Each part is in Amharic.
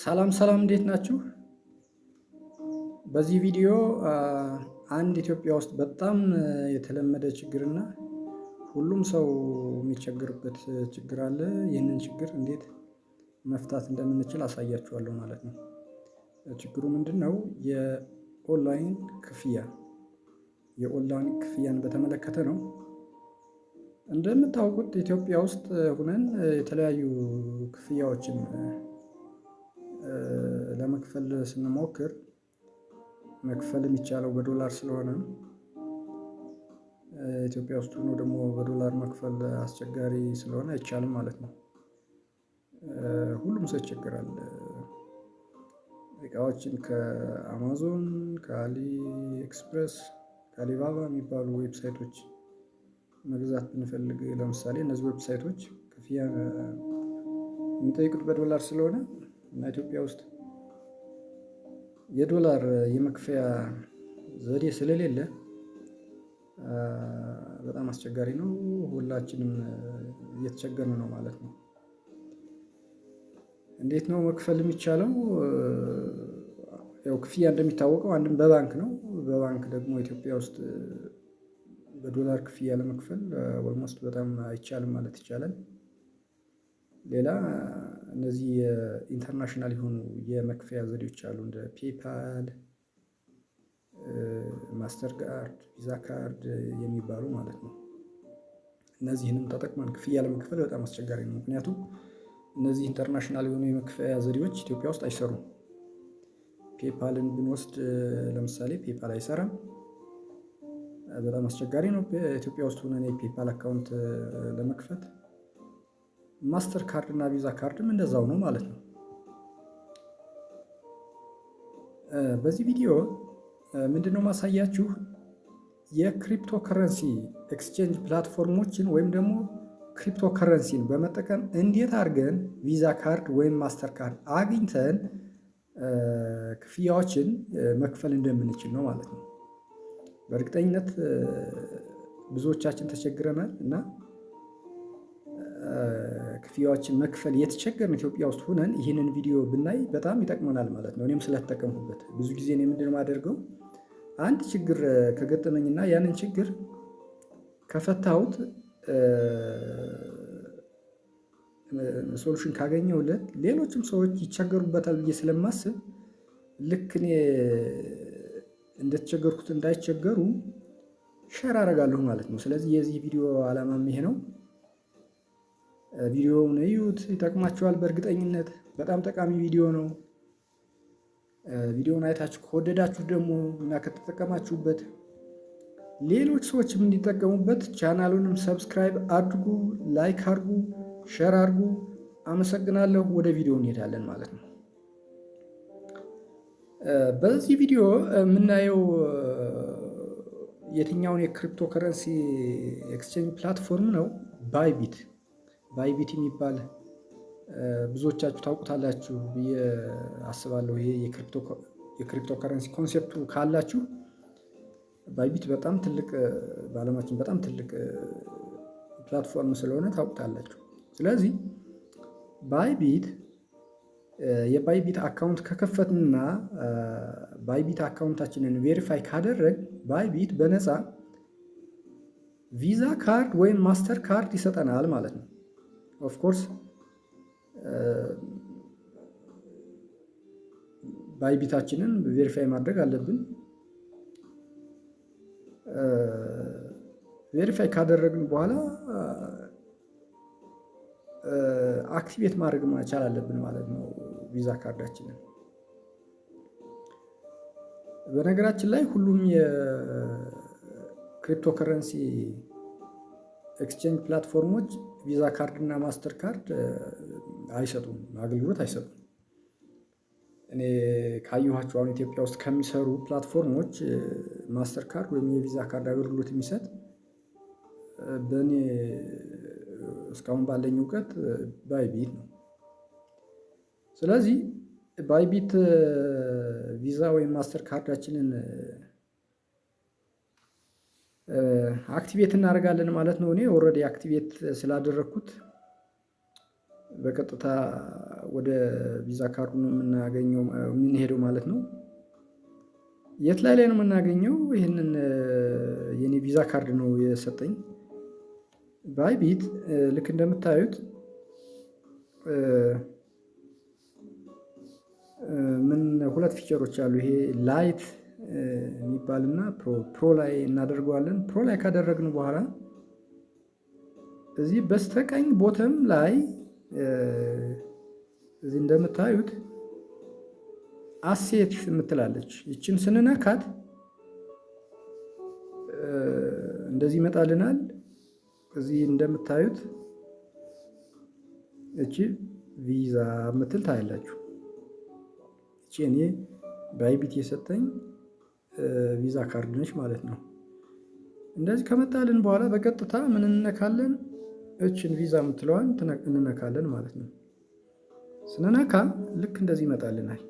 ሰላም ሰላም፣ እንዴት ናችሁ? በዚህ ቪዲዮ አንድ ኢትዮጵያ ውስጥ በጣም የተለመደ ችግርና ሁሉም ሰው የሚቸግርበት ችግር አለ። ይህንን ችግር እንዴት መፍታት እንደምንችል አሳያችኋለሁ ማለት ነው። ችግሩ ምንድን ነው? የኦንላይን ክፍያ የኦንላይን ክፍያን በተመለከተ ነው። እንደምታውቁት ኢትዮጵያ ውስጥ ሁነን የተለያዩ ክፍያዎችን ለመክፈል ስንሞክር መክፈል የሚቻለው በዶላር ስለሆነ ኢትዮጵያ ውስጥ ሆኖ ደግሞ በዶላር መክፈል አስቸጋሪ ስለሆነ አይቻልም ማለት ነው። ሁሉም ሰው ይቸግራል። እቃዎችን ከአማዞን ከአሊ ኤክስፕረስ ከአሊባባ የሚባሉ ዌብሳይቶች መግዛት ብንፈልግ ለምሳሌ እነዚህ ዌብሳይቶች ክፍያ የሚጠይቁት በዶላር ስለሆነ እና ኢትዮጵያ ውስጥ የዶላር የመክፈያ ዘዴ ስለሌለ በጣም አስቸጋሪ ነው። ሁላችንም እየተቸገርን ነው ማለት ነው። እንዴት ነው መክፈል የሚቻለው? ያው ክፍያ እንደሚታወቀው አንድም በባንክ ነው። በባንክ ደግሞ ኢትዮጵያ ውስጥ በዶላር ክፍያ ለመክፈል ኦልሞስት በጣም አይቻልም ማለት ይቻላል። ሌላ እነዚህ የኢንተርናሽናል የሆኑ የመክፈያ ዘዴዎች አሉ እንደ ፔፓል ማስተር ካርድ ቪዛ ካርድ የሚባሉ ማለት ነው። እነዚህንም ተጠቅመን ክፍያ ለመክፈል በጣም አስቸጋሪ ነው። ምክንያቱም እነዚህ ኢንተርናሽናል የሆኑ የመክፈያ ዘዴዎች ኢትዮጵያ ውስጥ አይሰሩም። ፔፓልን ብንወስድ ለምሳሌ ፔፓል አይሰራም። በጣም አስቸጋሪ ነው። ኢትዮጵያ ውስጥ ሆነን የፔፓል አካውንት ለመክፈት ማስተር ካርድ እና ቪዛ ካርድም እንደዛው ነው ማለት ነው። በዚህ ቪዲዮ ምንድነው ማሳያችሁ የክሪፕቶ ከረንሲ ኤክስቼንጅ ፕላትፎርሞችን ወይም ደግሞ ክሪፕቶ ከረንሲን በመጠቀም እንዴት አድርገን ቪዛ ካርድ ወይም ማስተር ካርድ አግኝተን ክፍያዎችን መክፈል እንደምንችል ነው ማለት ነው። በእርግጠኝነት ብዙዎቻችን ተቸግረናል እና ክፍያዎችን መክፈል የተቸገርን ኢትዮጵያ ውስጥ ሁነን ይህንን ቪዲዮ ብናይ በጣም ይጠቅመናል ማለት ነው። እኔም ስለተጠቀምኩበት ብዙ ጊዜ ነው የምንድን ማደርገው አንድ ችግር ከገጠመኝና ያንን ችግር ከፈታሁት ሶሉሽን ካገኘሁለት ሌሎችም ሰዎች ይቸገሩበታል ብዬ ስለማስብ ልክ እኔ እንደተቸገርኩት እንዳይቸገሩ ሸር አደርጋለሁ ማለት ነው። ስለዚህ የዚህ ቪዲዮ ዓላማም ይሄ ነው። ቪዲዮውን እዩት፣ ይጠቅማችኋል። በእርግጠኝነት በጣም ጠቃሚ ቪዲዮ ነው። ቪዲዮውን አይታችሁ ከወደዳችሁ ደግሞ እና ከተጠቀማችሁበት ሌሎች ሰዎችም እንዲጠቀሙበት ቻናሉንም ሰብስክራይብ አድርጉ፣ ላይክ አድርጉ፣ ሸር አድርጉ። አመሰግናለሁ። ወደ ቪዲዮ እንሄዳለን ማለት ነው። በዚህ ቪዲዮ የምናየው የትኛውን የክሪፕቶ ከረንሲ ኤክስቼንጅ ፕላትፎርም ነው? ባይቢት ባይቢት የሚባል ብዙዎቻችሁ ታውቁታላችሁ ብዬ አስባለሁ። ይሄ የክሪፕቶ ከረንሲ ኮንሴፕቱ ካላችሁ ባይቢት በጣም ትልቅ በዓለማችን በጣም ትልቅ ፕላትፎርም ስለሆነ ታውቁታላችሁ። ስለዚህ ባይቢት የባይቢት አካውንት ከከፈትና ባይቢት አካውንታችንን ቬሪፋይ ካደረግ ባይቢት በነፃ ቪዛ ካርድ ወይም ማስተር ካርድ ይሰጠናል ማለት ነው። ኦፍኮርስ uh, ባይቢታችንን ቬሪፋይ ማድረግ አለብን። ቬሪፋይ uh, ካደረግን በኋላ አክቲቬት uh, ማድረግ መቻል አለብን ማለት ነው ቪዛ ካርዳችንን። በነገራችን ላይ ሁሉም የክሪፕቶከረንሲ ኤክስቼንጅ ፕላትፎርሞች ቪዛ ካርድ እና ማስተር ካርድ አይሰጡም፣ አገልግሎት አይሰጡም። እኔ ካየኋቸው አሁን ኢትዮጵያ ውስጥ ከሚሰሩ ፕላትፎርሞች ማስተር ካርድ ወይም የቪዛ ካርድ አገልግሎት የሚሰጥ በእኔ እስካሁን ባለኝ እውቀት ባይቢት ነው። ስለዚህ ባይቢት ቪዛ ወይም ማስተር ካርዳችንን አክቲቬት እናደርጋለን ማለት ነው። እኔ ኦልሬዲ አክቲቬት ስላደረግኩት በቀጥታ ወደ ቪዛ ካርዱ ነው የምናገኘው የምንሄደው ማለት ነው። የት ላይ ላይ ነው የምናገኘው? ይህንን የኔ ቪዛ ካርድ ነው የሰጠኝ ባይቢት። ልክ እንደምታዩት ምን ሁለት ፊቸሮች አሉ። ይሄ ላይት የሚባልና ፕሮ ላይ እናደርገዋለን። ፕሮ ላይ ካደረግን በኋላ እዚህ በስተቀኝ ቦተም ላይ እዚህ እንደምታዩት አሴት የምትላለች ይችን ስንነካት እንደዚህ ይመጣልናል። እዚህ እንደምታዩት እቺ ቪዛ የምትል ታያላችሁ። እቺ እኔ በአይቢት የሰጠኝ ቪዛ ካርድ ነች ማለት ነው። እንደዚህ ከመጣልን በኋላ በቀጥታ ምን እንነካለን? እችን ቪዛ የምትለዋን እንነካለን ማለት ነው። ስንነካ ልክ እንደዚህ ይመጣልናል።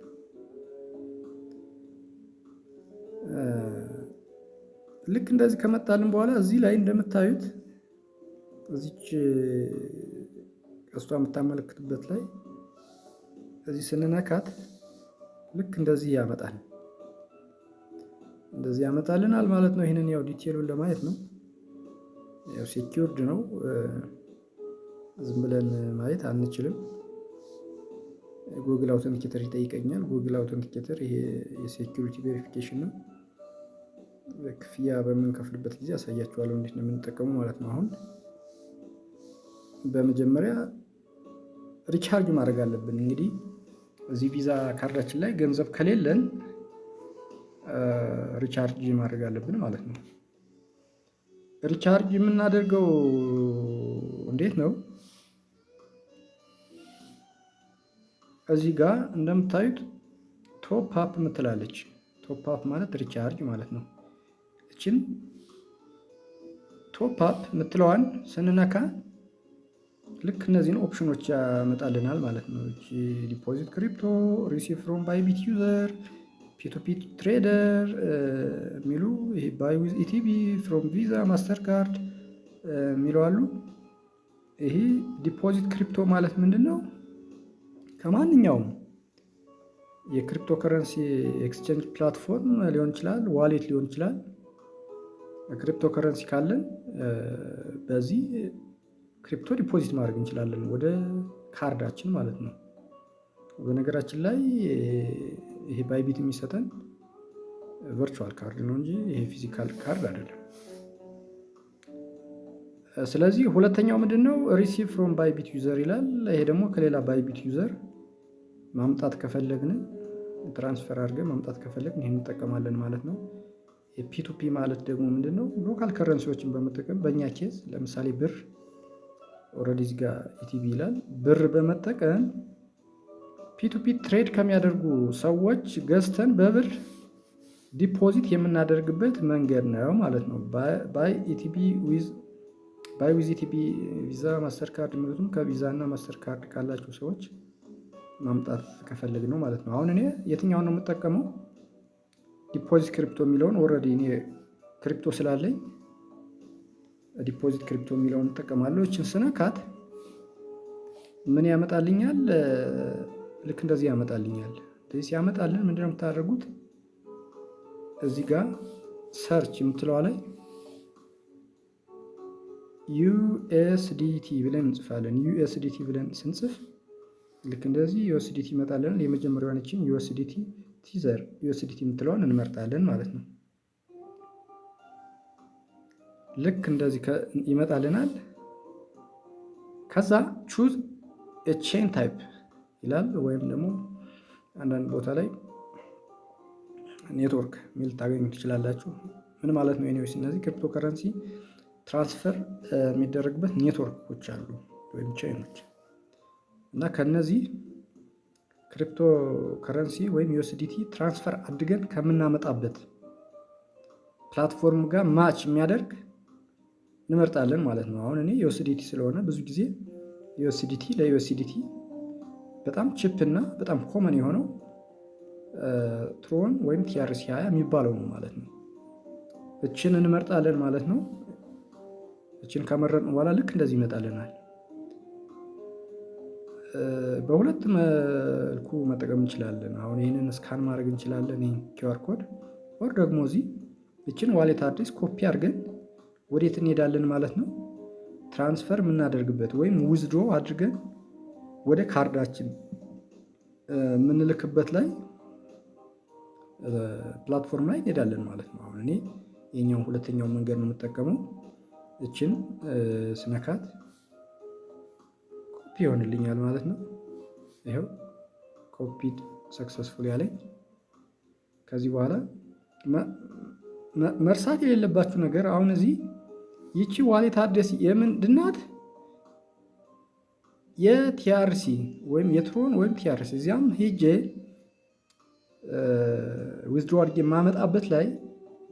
ልክ እንደዚህ ከመጣልን በኋላ እዚህ ላይ እንደምታዩት እዚች ቀስቷ የምታመለክትበት ላይ እዚህ ስንነካት ልክ እንደዚህ ያመጣል። እንደዚህ ያመጣልናል ማለት ነው። ይህንን ያው ዲቴሉን ለማየት ነው። ያው ሴኪውርድ ነው፣ ዝም ብለን ማየት አንችልም። ጉግል አውተንቲኬተር ይጠይቀኛል። ጉግል አውተንቲኬተር ይሄ የሴኪሪቲ ቬሪፊኬሽን ነው። ክፍያ በምንከፍልበት ጊዜ አሳያችኋለሁ እንዴት ነው የምንጠቀሙ ማለት ነው። አሁን በመጀመሪያ ሪቻርጅ ማድረግ አለብን። እንግዲህ እዚህ ቪዛ ካርዳችን ላይ ገንዘብ ከሌለን ሪቻርጅ ማድረግ አለብን ማለት ነው። ሪቻርጅ የምናደርገው እንዴት ነው? እዚህ ጋር እንደምታዩት ቶፕ አፕ ምትላለች። ቶፕ አፕ ማለት ሪቻርጅ ማለት ነው። እችን ቶፕ አፕ ምትለዋን ስንነካ ልክ እነዚህን ኦፕሽኖች ያመጣልናል ማለት ነው። ዲፖዚት ክሪፕቶ፣ ሪሲቭ ፍሮም ባይቢት ዩዘር ፒቱፒ ትሬደር uh, የሚሉ ባይ ዊዝ ኢቲቢ ፍሮም ቪዛ ማስተር ካርድ የሚሉ አሉ። ይሄ ዲፖዚት ክሪፕቶ ማለት ምንድን ነው? ከማንኛውም የክሪፕቶ ከረንሲ ኤክስቼንጅ ፕላትፎርም ሊሆን ይችላል፣ ዋሌት ሊሆን ይችላል። ክሪፕቶ ከረንሲ ካለን uh, በዚህ ክሪፕቶ ዲፖዚት ማድረግ እንችላለን ወደ ካርዳችን ማለት ነው። በነገራችን ላይ ይሄ ባይቢት የሚሰጠን ቨርቹዋል ካርድ ነው እንጂ ይሄ ፊዚካል ካርድ አይደለም። ስለዚህ ሁለተኛው ምንድን ነው? ሪሲቭ ፍሮም ባይቢት ዩዘር ይላል። ይሄ ደግሞ ከሌላ ባይቢት ዩዘር ማምጣት ከፈለግን ትራንስፈር አድርገን ማምጣት ከፈለግን ይህን እንጠቀማለን ማለት ነው። የፒቱፒ ማለት ደግሞ ምንድን ነው? ሎካል ከረንሲዎችን በመጠቀም በእኛ ኬዝ ለምሳሌ ብር ኦልሬዲ እዚህ ጋ ኢቲቪ ይላል ብር በመጠቀም ፒቱፒ ትሬድ ከሚያደርጉ ሰዎች ገዝተን በብር ዲፖዚት የምናደርግበት መንገድ ነው ማለት ነው። ባይ ዊዝ ባይ ኢቲቢ ቪዛ ማስተርካርድ ካርድ የሚሉትም ከቪዛ እና ማስተርካርድ ካርድ ካላቸው ሰዎች ማምጣት ከፈለግ ነው ማለት ነው። አሁን እኔ የትኛውን ነው የምጠቀመው? ዲፖዚት ክሪፕቶ የሚለውን ኦልሬዲ እኔ ክሪፕቶ ስላለኝ ዲፖዚት ክሪፕቶ የሚለውን እጠቀማለሁ። እችን ስነካት ምን ያመጣልኛል? ልክ እንደዚህ ያመጣልኛል። እንደዚህ ሲያመጣልን ነው የምታደርጉት? እዚህ ጋር ሰርች የምትለዋ ላይ ዩኤስዲቲ ብለን እንጽፋለን። ዩኤስዲቲ ብለን ስንጽፍ ልክ እንደዚህ ዩኤስዲቲ ይመጣለን። የመጀመሪያዋን ይህችን ዩኤስዲቲ ቲዘር ዩኤስዲቲ የምትለዋን እንመርጣለን ማለት ነው። ልክ እንደዚህ ይመጣልናል። ከዛ ቹዝ ቼን ታይፕ ይላል። ወይም ደግሞ አንዳንድ ቦታ ላይ ኔትወርክ ሚል ታገኙ ትችላላችሁ። ምን ማለት ነው? ኒዎች እነዚህ ክሪፕቶ ከረንሲ ትራንስፈር የሚደረግበት ኔትወርኮች አሉ ወይም ቻይኖች እና ከነዚህ ክሪፕቶ ከረንሲ ወይም ዩኤስዲቲ ትራንስፈር አድገን ከምናመጣበት ፕላትፎርም ጋር ማች የሚያደርግ እንመርጣለን ማለት ነው። አሁን እኔ ዩኤስዲቲ ስለሆነ ብዙ ጊዜ ዩኤስዲቲ ለዩኤስዲቲ በጣም ቺፕ እና በጣም ኮመን የሆነው ትሮን ወይም ቲአርሲ 20 የሚባለው ነው ማለት ነው። እችን እንመርጣለን ማለት ነው። እችን ከመረጥን በኋላ ልክ እንደዚህ ይመጣልናል። በሁለት መልኩ መጠቀም እንችላለን። አሁን ይህንን ስካን ማድረግ እንችላለን፣ ይህን ኪውአር ኮድ ወር ደግሞ እዚህ እችን ዋሌት አድሬስ ኮፒ አድርገን ወዴት እንሄዳለን ማለት ነው ትራንስፈር የምናደርግበት ወይም ውዝድሮ አድርገን ወደ ካርዳችን የምንልክበት ላይ ፕላትፎርም ላይ እንሄዳለን ማለት ነው። አሁን እኔ የኛው ሁለተኛው መንገድ ነው የምጠቀመው። እችን ስነካት ኮፒ ይሆንልኛል ማለት ነው። ይኸው ኮፒድ ሰክሰስፉል ያለኝ። ከዚህ በኋላ መርሳት የሌለባችሁ ነገር አሁን እዚህ ይቺ ዋሌት አድሬስ የምንድናት? የቲአርሲ ወይም የትሮን ወይም ቲአርሲ እዚያም ሄጄ ዊዝድሮ አድርጌ የማመጣበት ላይ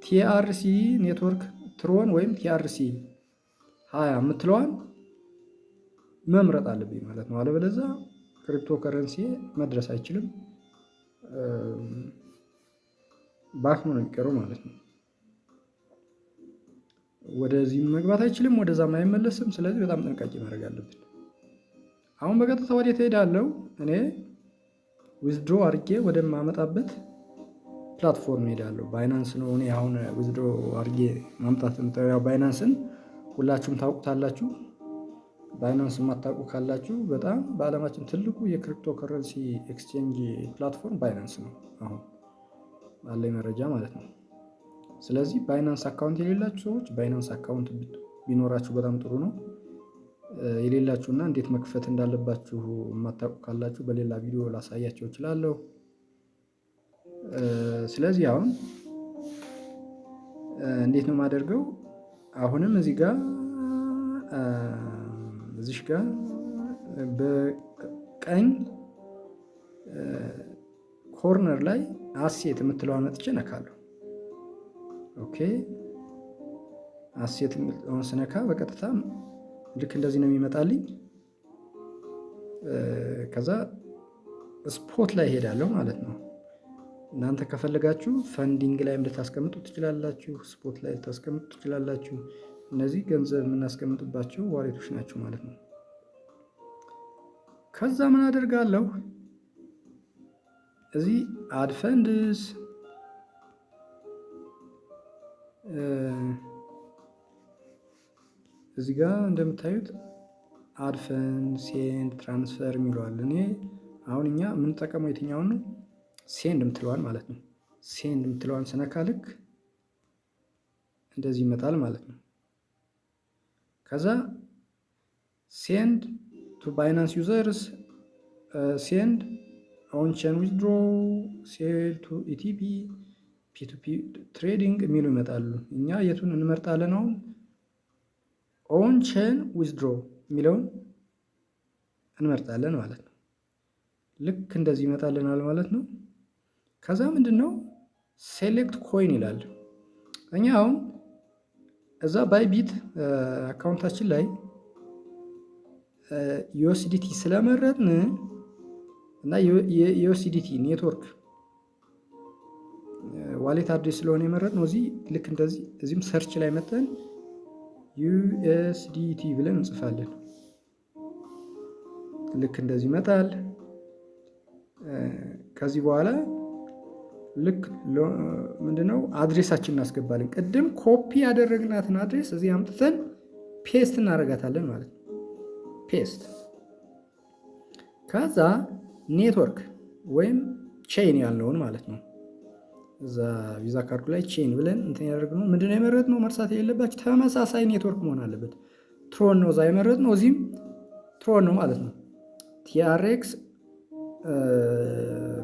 ቲአርሲ ኔትወርክ ትሮን ወይም ቲአርሲ ሀያ የምትለዋን መምረጥ አለብኝ ማለት ነው። አለበለዛ ክሪፕቶ ከረንሲ መድረስ አይችልም፣ ባክኖ ነው የሚቀረው ማለት ነው። ወደዚህም መግባት አይችልም፣ ወደዛም አይመለስም። ስለዚህ በጣም ጥንቃቄ ማድረግ አለብን። አሁን በቀጥታ ወደ እሄዳለሁ? እኔ ዊዝድሮ ወደ ወደማመጣበት ፕላትፎርም ሄዳለሁ። ባይናንስ ነው እኔ አሁን ዊዝድሮ አርጌ ማምጣት ያው ባይናንስን ሁላችሁም ታውቁታላችሁ። ባይናንስ የማታውቁ ካላችሁ በጣም በዓለማችን ትልቁ የክሪፕቶ ከረንሲ ኤክስቼንጅ ፕላትፎርም ባይናንስ ነው፣ አሁን ባለኝ መረጃ ማለት ነው። ስለዚህ ባይናንስ አካውንት የሌላችሁ ሰዎች ባይናንስ አካውንት ቢኖራችሁ በጣም ጥሩ ነው። የሌላችሁና እንዴት መክፈት እንዳለባችሁ የማታውቁ ካላችሁ በሌላ ቪዲዮ ላሳያቸው እችላለሁ። ስለዚህ አሁን እንዴት ነው የማደርገው? አሁንም እዚህ ጋር እዚሽ ጋር በቀኝ ኮርነር ላይ አሴት የምትለዋን መጥቼ ነካለሁ። ኦኬ አሴት የምትለዋን ስነካ በቀጥታ ልክ እንደዚህ ነው የሚመጣልኝ። ከዛ ስፖት ላይ ሄዳለሁ ማለት ነው። እናንተ ከፈለጋችሁ ፈንዲንግ ላይም ልታስቀምጡ ትችላላችሁ፣ ስፖት ላይ ልታስቀምጡ ትችላላችሁ። እነዚህ ገንዘብ የምናስቀምጥባቸው ዋሌቶች ናቸው ማለት ነው። ከዛ ምን አደርጋለሁ እዚህ አድፈንድስ እዚህ ጋር እንደምታዩት አድፈን ሴንድ ትራንስፈር የሚለዋል። እኔ አሁን እኛ የምንጠቀመው የትኛውን ነው? ሴንድ የምትለዋል ማለት ነው። ሴንድ የምትለዋን ስነካ ልክ እንደዚህ ይመጣል ማለት ነው። ከዛ ሴንድ ቱ ባይናንስ ዩዘርስ፣ ሴንድ ኦን ቼን ዊዝድሮ፣ ሴል ቱ ኢቲፒ፣ ፒቱፒ ትሬዲንግ የሚሉ ይመጣሉ። እኛ የቱን እንመርጣለን አሁን? ኦውን ቼን ዊዝድሮ የሚለውን እንመርጣለን ማለት ነው። ልክ እንደዚህ ይመጣልናል ማለት ነው። ከዛ ምንድን ነው ሴሌክት ኮይን ይላል። እኛ አሁን እዛ ባይቢት አካውንታችን ላይ ዩኤስዲቲ ስለመረጥን እና የዩኤስዲቲ ኔትወርክ ዋሌት አድሬስ ስለሆነ የመረጥነው እዚህ ልክ እንደዚህ እዚህም ሰርች ላይ መጠን ዩኤስዲቲ ብለን እንጽፋለን። ልክ እንደዚህ ይመጣል። ከዚህ በኋላ ልክ ምንድነው አድሬሳችን እናስገባለን። ቅድም ኮፒ ያደረግናትን አድሬስ እዚህ አምጥተን ፔስት እናደርጋታለን ማለት ነው። ፔስት ከዛ ኔትወርክ ወይም ቼይን ያልነውን ማለት ነው እዛ ቪዛ ካርዱ ላይ ቼን ብለን እንትን ነው ምንድነው የመረጥነው መርሳት የሌለባቸው ተመሳሳይ ኔትወርክ መሆን አለበት። ትሮን ነው እዛ ነው፣ እዚህም ትሮን ነው ማለት ነው። ቲአርኤክስ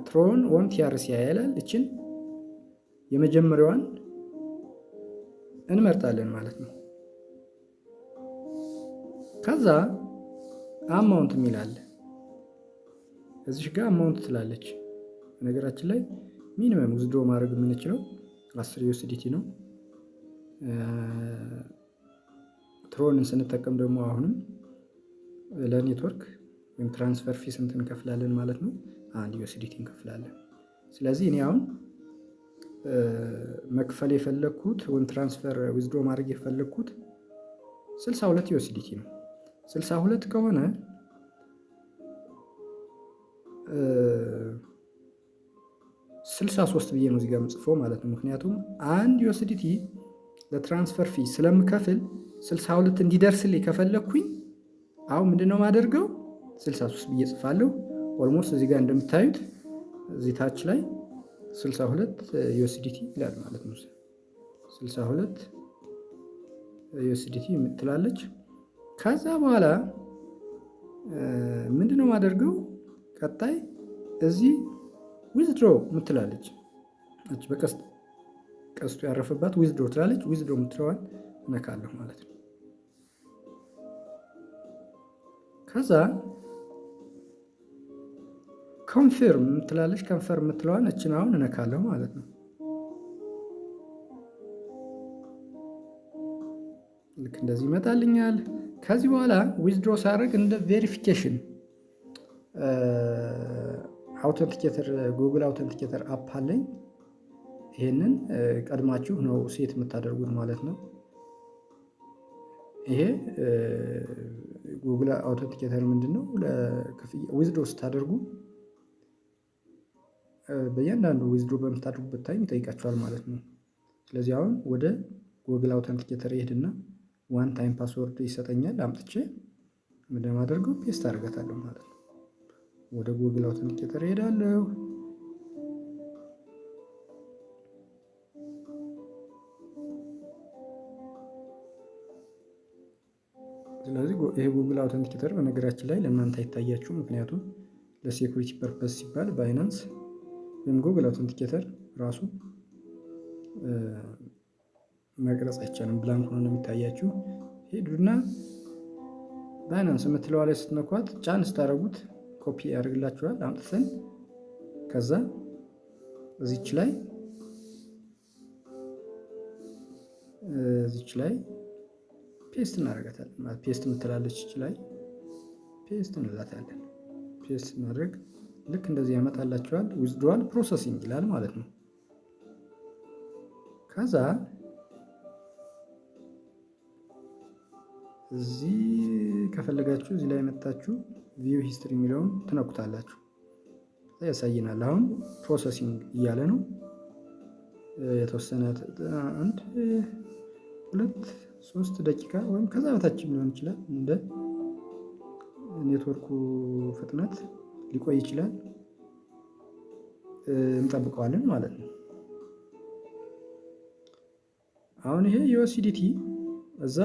ትሮን ወይም ቲአርሲ ያያላል። እችን የመጀመሪያዋን እንመርጣለን ማለት ነው። ከዛ አማውንት የሚላለ እዚሽ ጋር አማውንት ትላለች ነገራችን ላይ ሚኒመም ዊዝድሮ ማድረግ የምንችለው አስር ዩኤስዲቲ ነው። ትሮንን ስንጠቀም ደግሞ አሁንም ለኔትወርክ ወይም ትራንስፈር ፊ ስንት እንከፍላለን ማለት ነው? አንድ ዩስዲቲ እንከፍላለን። ስለዚህ እኔ አሁን መክፈል የፈለግኩት ወይም ትራንስፈር ዊዝድሮ ማድረግ የፈለግኩት 62 ዩኤስዲቲ ነው። 62 ከሆነ 63 ብዬ ነው እዚጋ ምጽፈው ማለት ነው። ምክንያቱም አንድ ዩኤስዲቲ ለትራንስፈር ፊ ስለምከፍል 62 እንዲደርስልኝ ከፈለግኩኝ አሁን ምንድነው ማደርገው 63 ብዬ ጽፋለሁ። ኦልሞስት እዚጋ እንደምታዩት እዚህ ታች ላይ 62 ዩኤስዲቲ ይላል ማለት ነው። 62 ዩኤስዲቲ የምትላለች። ከዛ በኋላ ምንድነው ማደርገው ቀጣይ እዚህ ዊዝድሮ ምትላለች በቀስት ቀስቱ ያረፈባት ዊዝድሮ ትላለች። ዊዝድሮ ምትለዋል እነካለሁ ማለት ነው። ከዛ ኮንፊርም ምትላለች። ኮንፈርም ምትለዋል እችን አሁን እነካለሁ ማለት ነው። ልክ እንደዚህ ይመጣልኛል። ከዚህ በኋላ ዊዝድሮ ሳደርግ እንደ ቬሪፊኬሽን አውተንቲኬተር ጉግል አውተንቲኬተር አፕ አለኝ። ይሄንን ቀድማችሁ ነው ሴት የምታደርጉት ማለት ነው። ይሄ ጉግል አውተንቲኬተር ምንድን ነው? ዊዝድሮ ስታደርጉ በእያንዳንዱ ዊዝድሮ በምታደርጉበት ታይም ይጠይቃቸዋል ማለት ነው። ስለዚህ አሁን ወደ ጉግል አውተንቲኬተር ይሄድና ዋን ታይም ፓስወርድ ይሰጠኛል። አምጥቼ ምንደማደርገው ፔስት አድርገታለሁ ማለት ነው። ወደ ጉግል አውተንቲኬተር እሄዳለሁ። ስለዚህ ይሄ ጉግል አውተንቲኬተር በነገራችን ላይ ለእናንተ አይታያችሁ፣ ምክንያቱም ለሴኩሪቲ ፐርፐስ ሲባል ባይናንስ ወይም ጉግል አውተንቲኬተር ራሱ መቅረጽ አይቻልም፣ ብላንክ ሆኖ ነው የሚታያችሁ። ሄዱና ባይናንስ የምትለዋ ላይ ስትነኳት ጫን ስታደረጉት ኮፒ ያደርግላችኋል። አምጥተን ከዛ እዚች ላይ እዚች ላይ ፔስት እናደርጋታለን። ፔስት የምትላለች እች ላይ ፔስት እንላታለን። ፔስት ማድረግ ልክ እንደዚህ ያመጣላችኋል። ዊዝድሮዋል ፕሮሰሲንግ ይላል ማለት ነው ከዛ እዚህ ከፈለጋችሁ እዚህ ላይ የመጣችሁ ቪው ሂስትሪ የሚለውን ትነኩታላችሁ። ያሳየናል። አሁን ፕሮሰሲንግ እያለ ነው። የተወሰነ አንድ ሁለት ሶስት ደቂቃ ወይም ከዛ በታችም ሊሆን ይችላል። እንደ ኔትወርኩ ፍጥነት ሊቆይ ይችላል። እንጠብቀዋለን ማለት ነው። አሁን ይሄ የኦሲዲቲ እዛ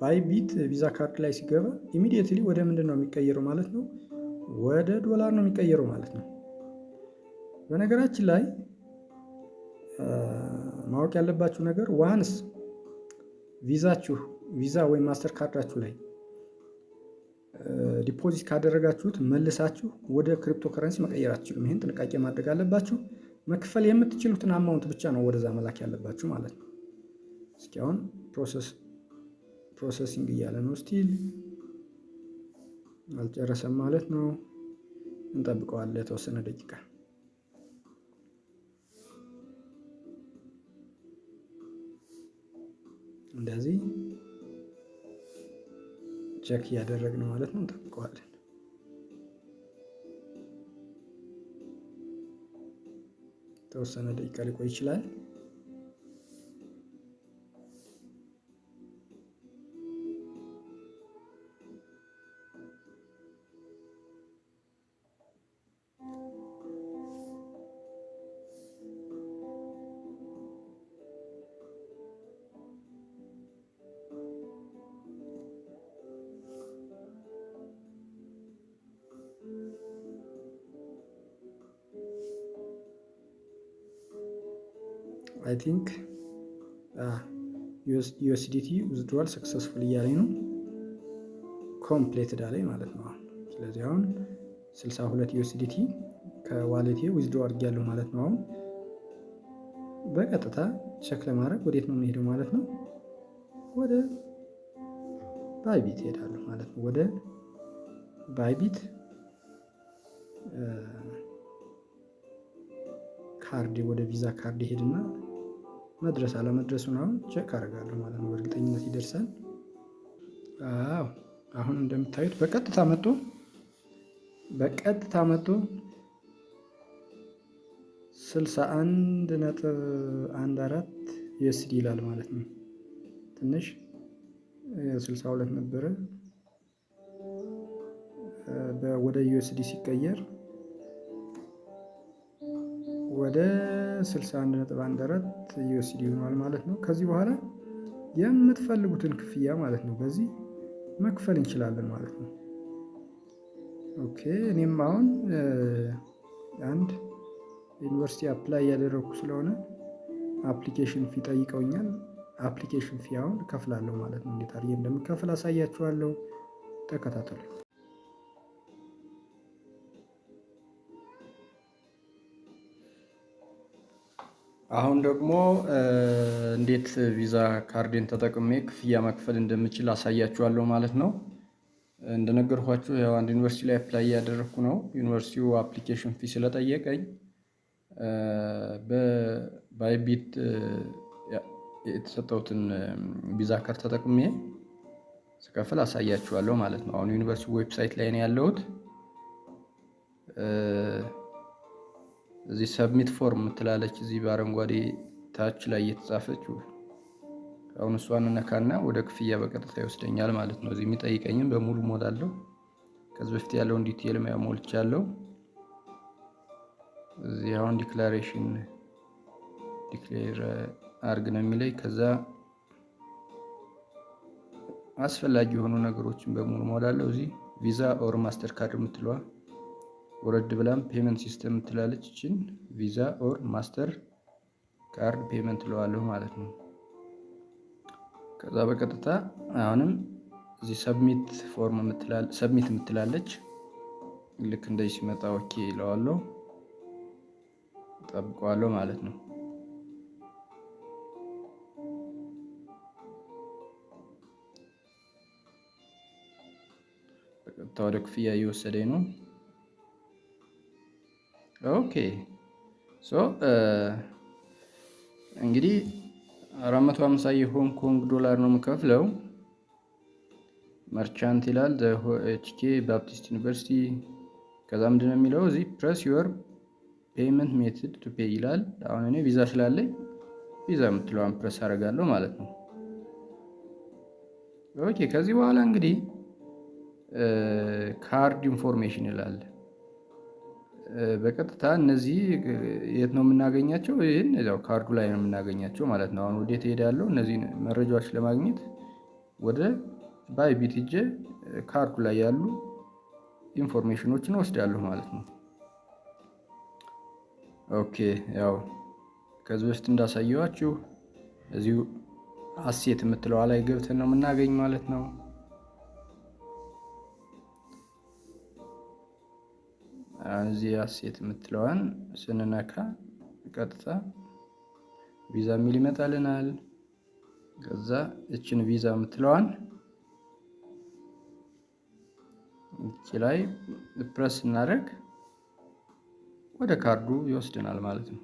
ባይቢት ቪዛ ካርድ ላይ ሲገባ ኢሚዲየትሊ ወደ ምንድን ነው የሚቀየረው ማለት ነው? ወደ ዶላር ነው የሚቀየረው ማለት ነው። በነገራችን ላይ ማወቅ ያለባችሁ ነገር ዋንስ ቪዛችሁ ቪዛ ወይም ማስተር ካርዳችሁ ላይ ዲፖዚት ካደረጋችሁት መልሳችሁ ወደ ክሪፕቶ ከረንሲ መቀየር አትችሉም። ይህን ጥንቃቄ ማድረግ አለባችሁ። መክፈል የምትችሉትን አማውንት ብቻ ነው ወደዛ መላክ ያለባችሁ ማለት ነው። እስኪ አሁን ፕሮሰሲንግ እያለ ነው። ስቲል አልጨረሰም ማለት ነው። እንጠብቀዋለን የተወሰነ ደቂቃ። እንደዚህ ቼክ እያደረግን ማለት ነው። እንጠብቀዋለን። የተወሰነ ደቂቃ ሊቆይ ይችላል። ቲንክ ዩኤስዲቲ ውዝድዋል ሰክሰስፉል እያለኝ ነው ኮምፕሌትድ አለኝ ማለት ነው። ስለዚህ አሁን 62 ዩኤስዲቲ ከዋሌቴ ውዝድዋል አድርጊያለሁ ማለት ነው። አሁን በቀጥታ ቸክ ለማድረግ ወዴት ነው የሚሄደው ማለት ነው? ወደ ባይቢት እሄዳለሁ ማለት ነው። ወደ ባይቢት ካርዴ uh, ወደ ቪዛ ካርድ ይሄድና መድረስ አለመድረሱን አሁን ቼክ አደርጋለሁ ማለት ነው። በእርግጠኝነት ይደርሳል። አዎ አሁን እንደምታዩት በቀጥታ መጥቶ በቀጥታ መጥቶ ስልሳ አንድ ነጥብ አንድ አራት ዩኤስዲ ይላል ማለት ነው። ትንሽ ስልሳ ሁለት ነበረ ወደ ዩኤስዲ ሲቀየር ወደ 61.14 ዩኤስዲ ይሆናል ማለት ነው። ከዚህ በኋላ የምትፈልጉትን ክፍያ ማለት ነው በዚህ መክፈል እንችላለን ማለት ነው። ኦኬ እኔም አሁን አንድ ዩኒቨርሲቲ አፕላይ እያደረግኩ ስለሆነ አፕሊኬሽን ፊ ጠይቀውኛል። አፕሊኬሽን ፊ አሁን እከፍላለሁ ማለት ነው። እንዴት አድርጌ እንደምከፍል አሳያችኋለሁ። ተከታተሉ። አሁን ደግሞ እንዴት ቪዛ ካርዴን ተጠቅሜ ክፍያ መክፈል እንደምችል አሳያችኋለሁ ማለት ነው። እንደነገርኳችሁ ያው አንድ ዩኒቨርሲቲ ላይ አፕላይ እያደረግኩ ነው። ዩኒቨርሲቲው አፕሊኬሽን ፊ ስለጠየቀኝ በባይቢት የተሰጠሁትን ቪዛ ካርድ ተጠቅሜ ስከፍል አሳያችኋለሁ ማለት ነው። አሁን ዩኒቨርሲቲ ዌብሳይት ላይ ነው ያለሁት። እዚህ ሰብሚት ፎርም ምትላለች እዚህ በአረንጓዴ ታች ላይ እየተጻፈች አሁን እሷን ነካና ወደ ክፍያ በቀጥታ ይወስደኛል ማለት ነው። እዚህ የሚጠይቀኝም በሙሉ ሞላለሁ። ከዚህ በፊት ያለውን ዲቴል ሞልቻለሁ። እዚህ አሁን ዲክላሬሽን ዲክሌር አርግ ነው የሚለኝ። ከዛ አስፈላጊ የሆኑ ነገሮችን በሙሉ ሞላለሁ። እዚህ ቪዛ ኦር ማስተር ካርድ የምትለዋ ወረድ ብላም ፔመንት ሲስተም ትላለች። እችን ቪዛ ኦር ማስተር ካርድ ፔመንት ለዋለሁ ማለት ነው። ከዛ በቀጥታ አሁንም እዚህ ሰብሚት ፎርም ሰብሚት የምትላለች ልክ እንደዚህ ሲመጣ ኦኬ ይለዋለሁ፣ ጠብቀዋለሁ ማለት ነው። በቀጥታ ወደ ክፍያ እየወሰደኝ ነው። ኦኬ ሶ እንግዲህ 450 የሆንግ ኮንግ ዶላር ነው የምከፍለው። መርቻንት ይላል ኤችኬ ባፕቲስት ዩኒቨርሲቲ። ከዛ ምንድን ነው የሚለው እዚህ ፕረስ ዮር ፔይመንት ሜትድ ቱ ፔይ ይላል። አሁን እኔ ቪዛ ስላለኝ ቪዛ የምትለዋን ፕረስ አደርጋለሁ ማለት ነው። ኦኬ ከዚህ በኋላ እንግዲህ ካርድ ኢንፎርሜሽን ይላል በቀጥታ እነዚህ የት ነው የምናገኛቸው? ይህን ያው ካርዱ ላይ ነው የምናገኛቸው ማለት ነው። አሁን ወዴት እሄዳለሁ? እነዚህ መረጃዎች ለማግኘት ወደ ባይ ሄጄ ካርዱ ላይ ያሉ ኢንፎርሜሽኖችን ወስዳለሁ ማለት ነው። ኦኬ ያው ከዚህ በፊት እንዳሳየዋችሁ እዚሁ አሴት የምትለዋ ላይ ገብተን ነው የምናገኝ ማለት ነው። እዚህ ሴት የምትለዋን ስንነካ ቀጥታ ቪዛ የሚል ይመጣልናል። ከዛ እችን ቪዛ የምትለዋን እቺ ላይ ፕረስ ስናደርግ ወደ ካርዱ ይወስድናል ማለት ነው።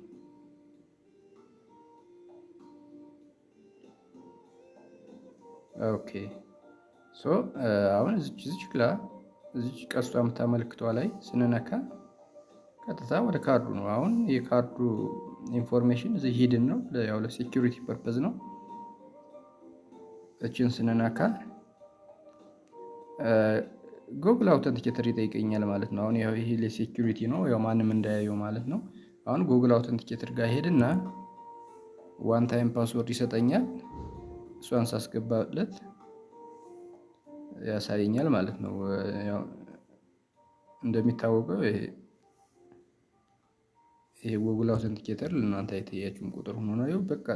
ኦኬ ሶ አሁን እዚች እዚች ክላ እዚች ቀስቷ የምታመልክቷ ላይ ስንነካ ቀጥታ ወደ ካርዱ ነው። አሁን የካርዱ ኢንፎርሜሽን እዚህ ሂድን ነው፣ ያው ለሴኪሪቲ ፐርፐዝ ነው። እችን ስንናካል ጉግል አውተንቲኬተር ይጠይቀኛል ማለት ነው። አሁን ይሄ ለሴኪሪቲ ነው፣ ያው ማንም እንዳያየው ማለት ነው። አሁን ጉግል አውተንቲኬተር ጋር ሄድና ዋን ታይም ፓስወርድ ይሰጠኛል። እሷን ሳስገባለት ያሳየኛል ማለት ነው። እንደሚታወቀው ይሄ ጉግል አውተንቲኬተር ለእናንተ የተያችሁን ቁጥር ሆኖ ነው። በቃ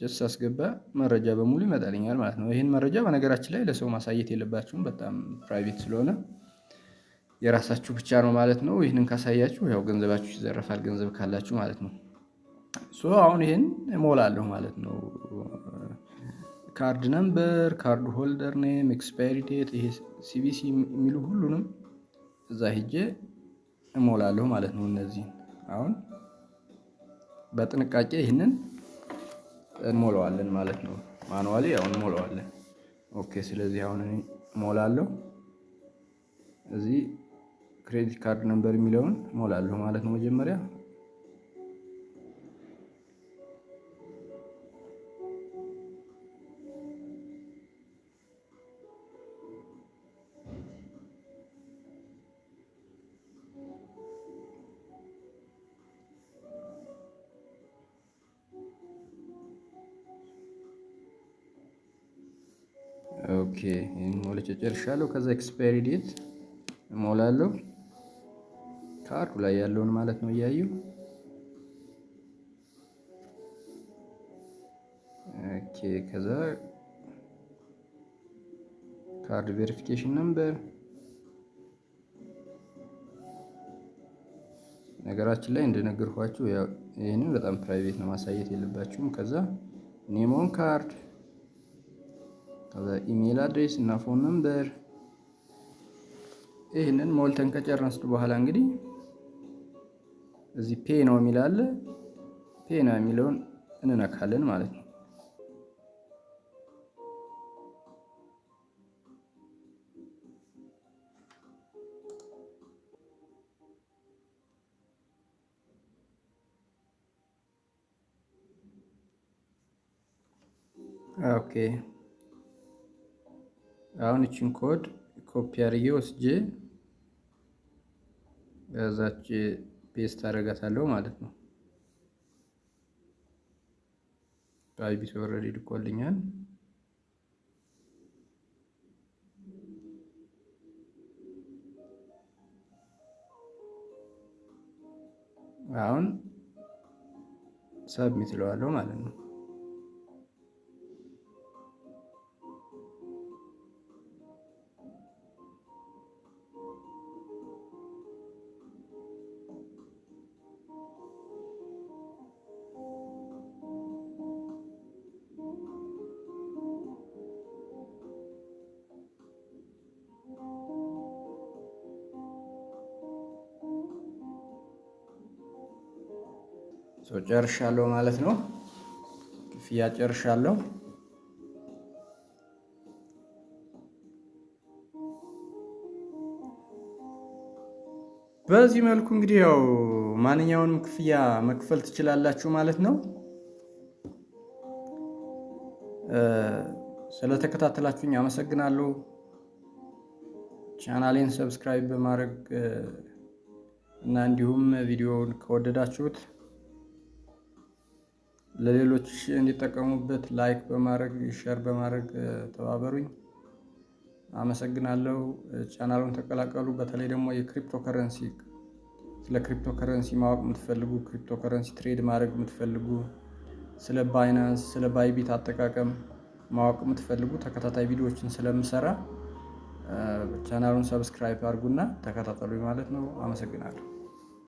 ጀስ አስገባ መረጃ በሙሉ ይመጣልኛል ማለት ነው። ይህን መረጃ በነገራችን ላይ ለሰው ማሳየት የለባችሁም በጣም ፕራይቬት ስለሆነ የራሳችሁ ብቻ ነው ማለት ነው። ይህንን ካሳያችሁ ያው ገንዘባችሁ ይዘረፋል፣ ገንዘብ ካላችሁ ማለት ነው። ሶ አሁን ይህን እሞላለሁ ማለት ነው። ካርድ ነምበር፣ ካርድ ሆልደር ኔም፣ ኤክስፓይሪ ዴት፣ ይሄ ሲቢሲ የሚሉ ሁሉንም እዛ ሄጄ እሞላለሁ ማለት ነው እነዚህ አሁን በጥንቃቄ ይህንን እንሞላዋለን ማለት ነው። ማኑዋሊ አሁን እንሞላዋለን። ኦኬ ስለዚህ አሁን እሞላለሁ። እዚህ ክሬዲት ካርድ ነምበር የሚለውን እሞላለሁ ማለት ነው መጀመሪያ ጨርሻለሁ። ከዛ ኤክስፓይሪ ዴት እሞላለሁ ካርዱ ላይ ያለውን ማለት ነው እያዩ ኦኬ። ከዛ ካርድ ቬሪፊኬሽን ነምበር ነገራችን ላይ እንደነገርኳችሁ ይህንን በጣም ፕራይቬት ነው ማሳየት የለባችሁም። ከዛ ኔሞን ካርድ ከዛ አድሬስ እና ፎን ነምበር ይህንን ሞልተን ከጨረስን በኋላ እንግዲህ እዚህ ፔ ነው አለ። ፔ ነው የሚለውን እንነካለን ማለት ነው። ኦኬ አሁን እችን ኮድ ኮፒ አድርጌ ወስጄ በዛች ፔስት አደርጋታለሁ ማለት ነው። በአይቢት ኦልሬዲ ልኮልኛል። አሁን ሰብሚት እለዋለሁ ማለት ነው። ጨርሻለሁ ማለት ነው። ክፍያ ጨርሻለሁ። በዚህ መልኩ እንግዲህ ያው ማንኛውንም ክፍያ መክፈል ትችላላችሁ ማለት ነው። ስለተከታተላችሁኝ አመሰግናለሁ። ቻናሌን ሰብስክራይብ በማድረግ እና እንዲሁም ቪዲዮውን ከወደዳችሁት ለሌሎች እንዲጠቀሙበት ላይክ በማድረግ ሼር በማድረግ ተባበሩኝ። አመሰግናለሁ። ቻናሉን ተቀላቀሉ። በተለይ ደግሞ የክሪፕቶ ከረንሲ ስለ ክሪፕቶ ከረንሲ ማወቅ የምትፈልጉ ክሪፕቶ ከረንሲ ትሬድ ማድረግ የምትፈልጉ ስለ ባይናንስ፣ ስለ ባይቢት አጠቃቀም ማወቅ የምትፈልጉ ተከታታይ ቪዲዮዎችን ስለምሰራ ቻናሉን ሰብስክራይብ አድርጉና ተከታተሉ ማለት ነው። አመሰግናለሁ።